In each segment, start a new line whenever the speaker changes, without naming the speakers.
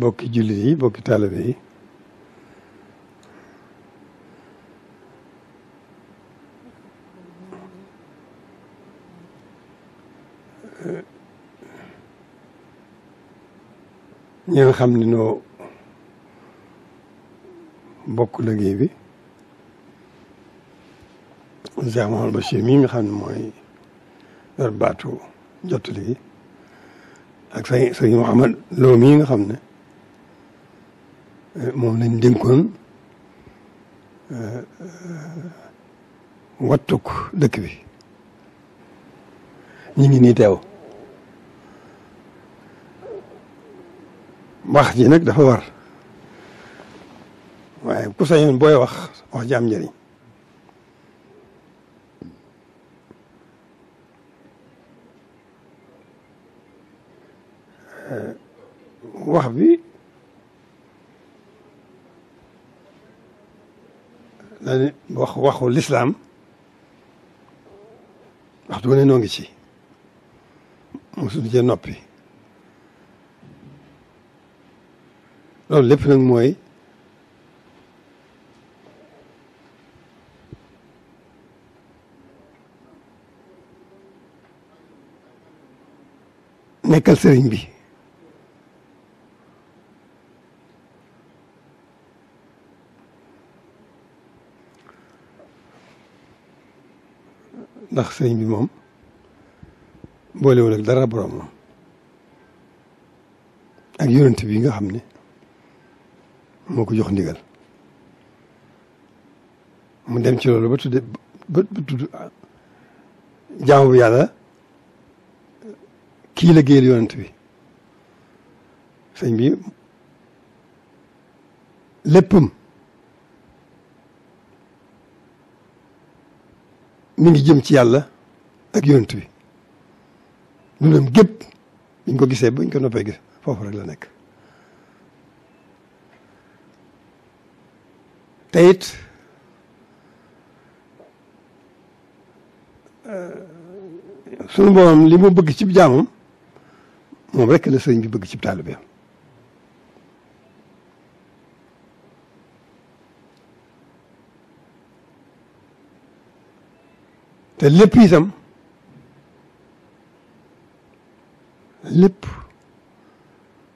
bokki jullit yi bokki taalibe yi nga xam ni noo bokk liggéey bi Cheikh Mouhamadou Bachir nga xam ne mooy yor baatu jottali gi ak sëñ sëñ Mouhamad Lo nga xam ne moom lañ dénkoon eh, eh, wattuk dëkk bi ñu ngi nii teew wax nag dafa war waaye ku sañoon booy wax wax ji am eh, wax bi daani wax waxu lislaam wax du ne noo ngi ci mosuñu cee noppi loolu lépp nag mooy nekkal sëriñ bi sëriñ bi moom boolewul ak dara boroomam ak yonent bi nga xam ni moo ko jox ndigal mu dem ci loolu ba bu yàlla kii la géel yonent bi sëñ bi léppam mi ngi jëm ci yàlla ak yonent bi dundam gépp biñ ko gisee bu ko noppee gis foofu rek la nekk te it eh, sunu boroom li mu bëgg ci jaamam moom rek la sëriñ bi bëgg ci taalibeem te lépp itam lépp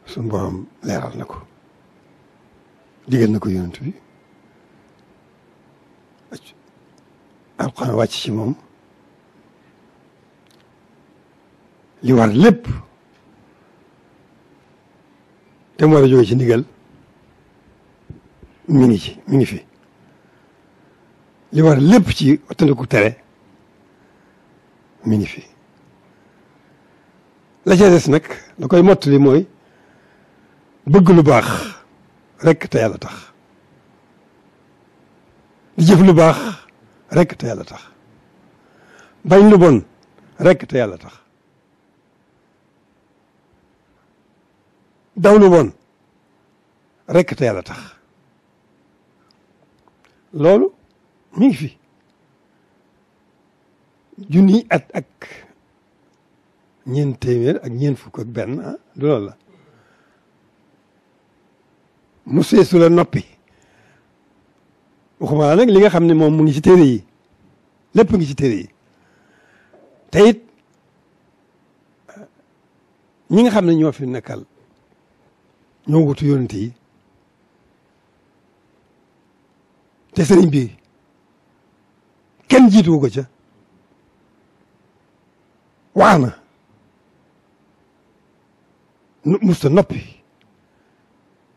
suñu borom leeral na ko digal na ko yonent bi alxuraan wàcc ci moom li war lépp te mu war ci ndigal mi ngi ci mi ngi fi li war lépp ci ku tere mi ngi fi la ca des nag la koy mottali mooy bëgg lu baax rekk te yàlla tax di jëf lu baax rekk te yàlla tax bañ lu bon rekk te yàlla tax daw lu bon rekk te yàlla tax loolu mi ngi fi junniy at ak ñeent téeméer ak ñeent fukk ak benn du ah, loolu la mu seesu la noppi waxuma nag li nga xam ne moom mu ngi ci téere yi lépp ngi ci téere yi te ñi nga xam ne ñoo fi nekkal ñoo wutu yonent yi te sëriñ bi kenn jiitu ko ca wax na musta noppi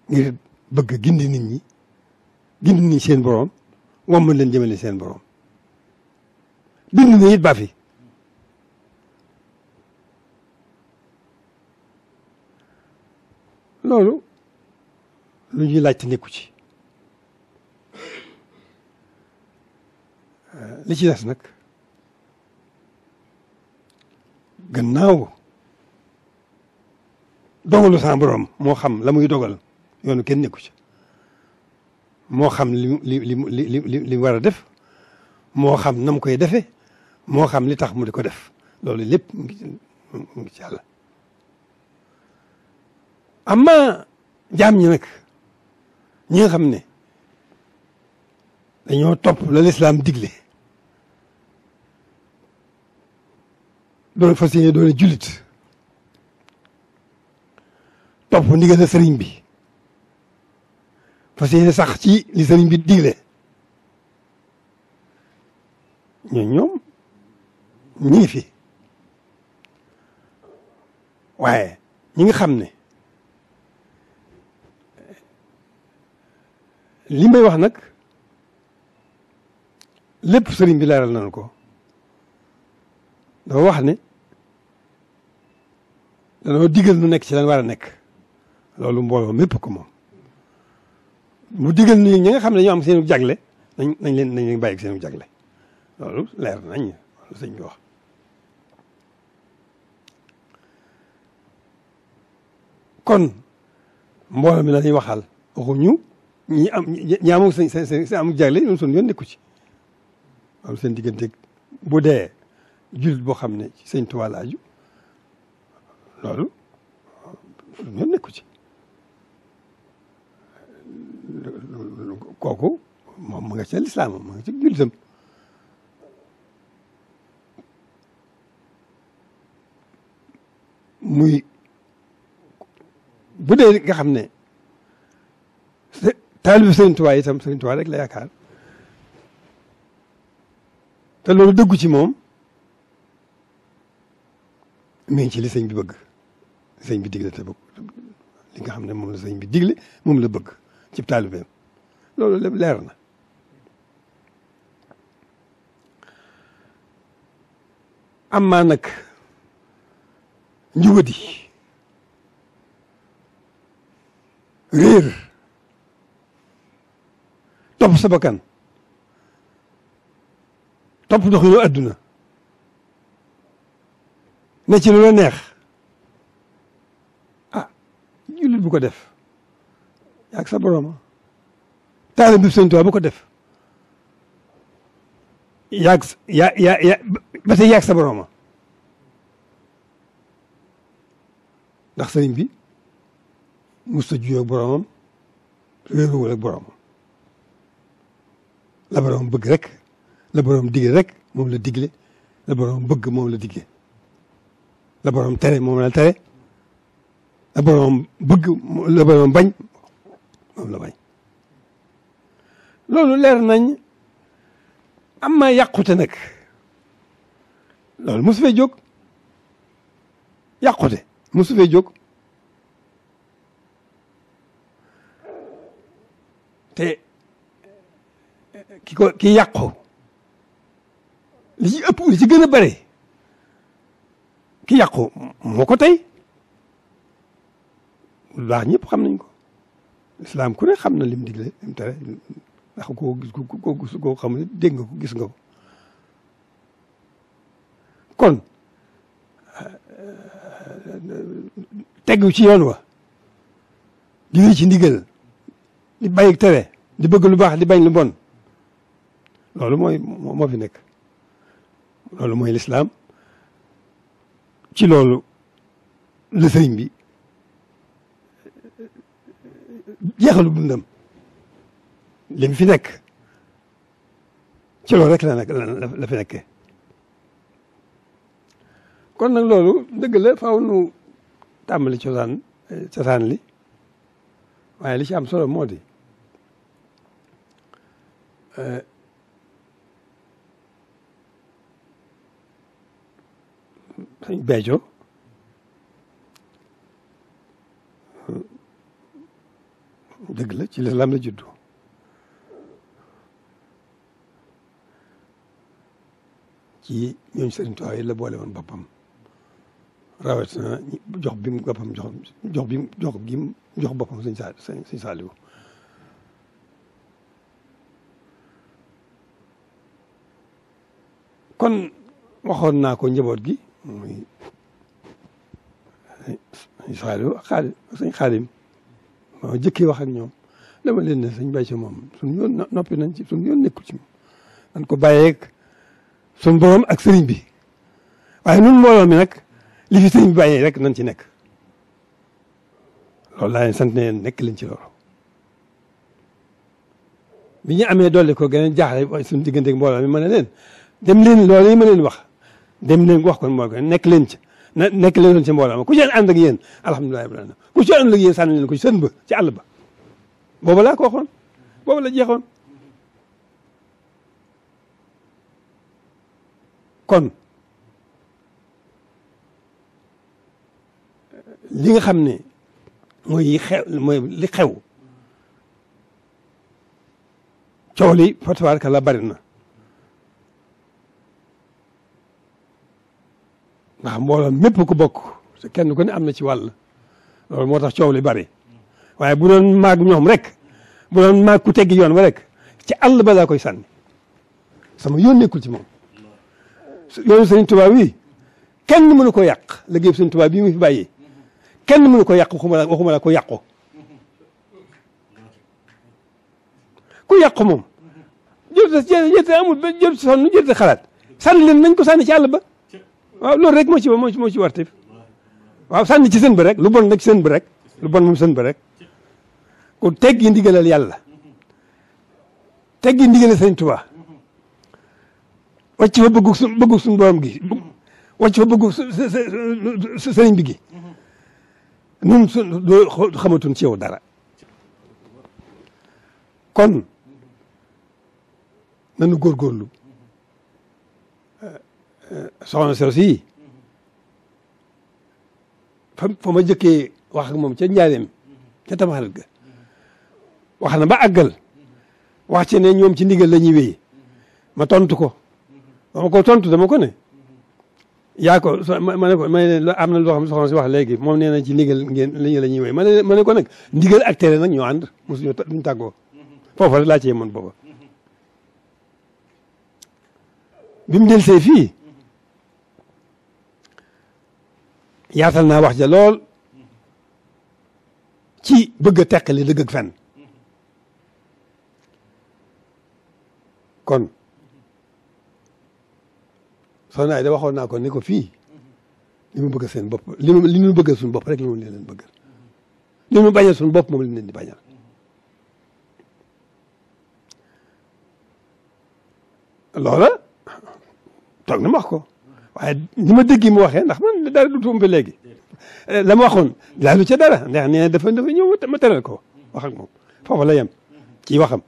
ngir bëgg gindi nit ñi gindi nit seen boroom moom mën leen jëmale seen boroom bind na it ba loolu lu ñuy laajte nekku ci li ci des nag gannaaw dogalu sa borom moo xam la muy dogal yoonu kenn nekku ci moo xam li li li li li war a def moo xam nam koy defee moo xam li tax mu di ko def loolu lépp mu ngi mu ngi ci amma jaam ñi nag ñi nga xam ne dañoo top la lislaam digle doon fas yéene doone jullit topp ndigal sëriñ bi fas yéene sax ci li sëriñ bi digle ñun ñoom ngi fi waaye ñi nga xam ne li may wax nag lépp sëriñ bi leeral nañu ko dafa wax ne danoo digal nu nekk ci lan war a nekk loolu mbooloo mépp ko moom mu digal nu ñi nga xam ne dañoo am seenu jagle nañ nañ leen nañ leen bàyyi jagle leer nañ sëñ wax kon mbooloo mi la ñuy waxal waxuñu ñi am ñi amul seen seen seen amul jagle ñun suñu yoon nekku ci loolu seen digganteeg bu dee jullit boo xam ne ci sëñ Tuubaa la loolu ñun nekku ci kooku moom mu nga ca lislaam mu nga ci jullitam muy bu dee nga xam ne taalibu sëñ Tuubaa itam sëñ Tuubaa rek la yaakaar te loolu dëggu ci moom mi ngi ci li sëñ bi bëgg sëñ bi digle te bëgg li nga xam ne moom la sëñ bi digle moom la bëgg cib taalibeem loolu lépp leer na am maa nag njubadi réer topp sa bakkan topp ndox yu adduna ne ci lu la neex ah jullit bu ko def yaag sa borooma taali bi Sëñ Tuubaa ko def yaag yaa sa borooma ndax sëriñ bi mos ta juyoo ak boroomam la boroomam bëgg rek la boroom digle rek moom la digle la boroom bëgg moom la digle la borom tere moom la tere la borom bëgg la borom bañ loolu leer nañ am ma yàqute nag lool mosu fee jóg yàqute mosu fee jóg te ki ko yàqu li ci ëpp li ci gën a bare ki yàqu moo ko tey lu baax ñëpp xam nañ ko lislaam ku ne xam na lim digle lim tere ndax koo gis ko koo xam ne dégg nga ko gis nga ko kon tegu ci yoon wa di wéy ci ndigal di bàyyi tere di bëgg lu baax di bañ lu bon loolu mooy moo fi nekk loolu mooy lislaam ci loolu la sëriñ bi jeexalu dundam li mu fi nekk ci loolu rek la nekk la kon nag loolu dëgg fa faaw nu tàmbali cosaan cosaan li waaye li ci am solo moo di bello, dëgg la ci lislaam la juddu ci ñooñu Sëriñ Tuubaa yi la boole woon boppam rawatina jox bi mu boppam jox jox bi mu jox jox boppam Sëriñ Saaliw Sëriñ kon waxoon naa ko njaboot gi muy sëñ Saliou ak xaadim sëñ wax ak ñoom dama leen ne sëñ Bàcce moom suñ yoon noppi nañ ci suñ yoon nekkul ci moom nan ko bàyyeeg suñ borom ak sëriñ bi waaye nun mbooloo mi nag li fi sëriñ bi rek nañ ci nekk loolu laa leen sant ne nekk ci loolu bi ñu amee dolli ko gën a jaaxle suñ digganteeg mbooloo mi ma ne leen dem leen loolu yi ma leen wax dem leen wax kon mbooloo nekk leen ci na leen ci mbooloo ma ku ci ànd ak yéen alhamdulilah ku ci ànd ak yéen sànni leen ko ci sën ba ci àll booba laa ko booba la jeexoon kon li nga xam ni mooy xew mooy li xew coow li la bari na ndax mbooloo mépp ko bokk te kenn ku ne am na ci wàll loolu moo tax coow li bari waaye bu doon maag ñoom rek bu doon maag ku teggi yoon ba rek ci àll ba laa koy sànni sama yoon nekkul ci moom yoonu sëñ Tuubaa wi kenn mënu ko yàq liggéey sëñ Tuubaa bii mu fi bàyyi kenn mënu ko yàq waxuma la waxuma la ko yàqu ku yàqu moom jërte jërte amul jërte sonn jërte xalaat sànni leen nañ ko sànni ci àll ba waaw loolu rek moo ci moo ci moo ci war ci seen bi lu bon nag ci seen bi rek lu bon moom seen bi rek ku teggi ndigalal yàlla teggi ndigalal sëñ Tuubaa wàcc fa bëggu su bëggu suñu gi mm-hmm. wàcc fa bëggu sëriñ bi gi mm-hmm. nun su xamatun ci yow dara kon nanu góorgóorlu Eh, soxna sero sii fa fa ma jëkkee wax ak moom ca njaareem ca ga wax na ba àggal wax ci ne ñoom ci ndigal la ñuy wéy ma tontu ko dama ko tontu dama ko ne yaa ko ma ne ko ma ne am na loo xam soxna si wax léegi moom nee na ci ndigal ngeen li la ñuy ma ne ma ko nag ndigal ak tere nag ñoo ànd mosuñu duñu tàggoo foofa rek laa cee mën booba bi mu del see fii yaatal naa wax ja lool ci bëgg a teqali dëgg ak fen kon soxna Ayda waxoon naa ko ne ko fii li mu bëgg seen bopp li mu li ñu suñu bopp rek li mu leen li mu bañal suñu bopp moom li leen di bañal loola toog na wax ko waaye ni ma dégg mu waxee ndax man dara du tuum ba léegi la ma waxoon laa lu ca dara ndax nee na dafa dafa ñëw ma teral ko wax moom foofa la yem ci waxam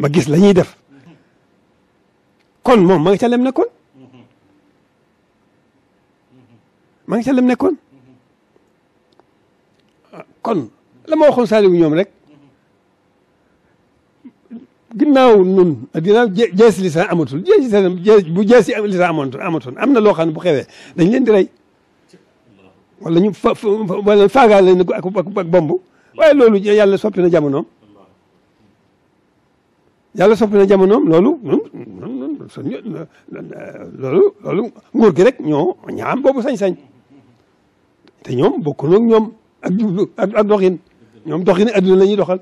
ma gis la ñuy def kon moom ma nga ca lem nekkoon ma nga ca lem nekkoon kon la ma waxoon saaliwu ñoom rek ginnaaw nun ginnaaw jees lisan amatul jees lisan bu jees yi lisan am na loo xam ne bu xewee dañ leen di rey wala ñu fa wala faagaal leen ak ak bomb loolu yàlla soppi na jamonoom yàlla soppi na jamonoom loolu loolu loolu nguur gi rek ñoo boobu sañ-sañ te ñoom bokku noog ñoom ak jublu ak doxin ñoom doxin adduna ñuy doxal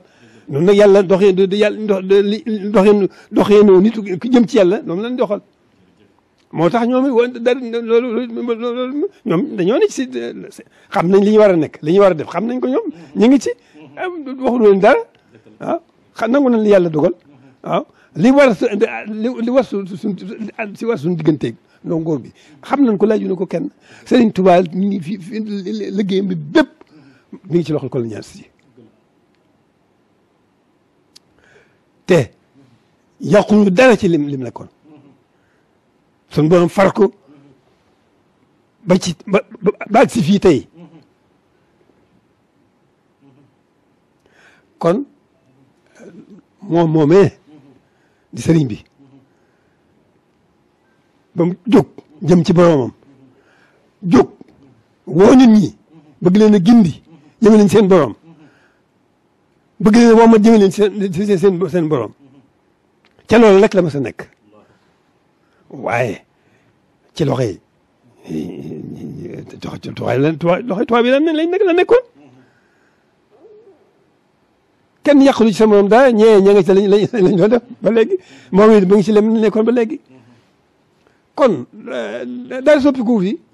noonu nag yàlla doxee yàlla dox doxee doxee noonu nit ku jëm ci yàlla noonu lañ doxal. moo tax ñoom it dara loolu loolu ñoom dañoo ne ci xam nañ li ñu war a nekk li war a def xam nañ ko ñoom ñu ngi ci waxu leen dara waaw ah xam nangu nañ li yàlla dogal ah li war li war su suñ si war suñ digganteeg ndongoor bi xam nañ ko laaju na ko kenn Serigne Touba ñu ngi fi liggéeyam bi bépp mi ngi ci loxol colonial si te yàquñu dara ci lim lim nekkoon suñ borom ba ci si fii tey kon moom moomee di sëriñ bi ba mu jëm ci boromam jóg woo nit ñi bëgg leen gindi jëme seen borom bëgg leen woo ma jëme leen seen seen seen borom ca loolu rek la ma sa nekk waaye ci loxo yi loxo loxo tubaab yi lan lañ nekk la nekkoon kenn yàqulu ci sa morom ñee ña nga ci lañ lañ ba léegi moom it ba ci lem nekkoon ba léegi kon eh, daal soppi kuuf yi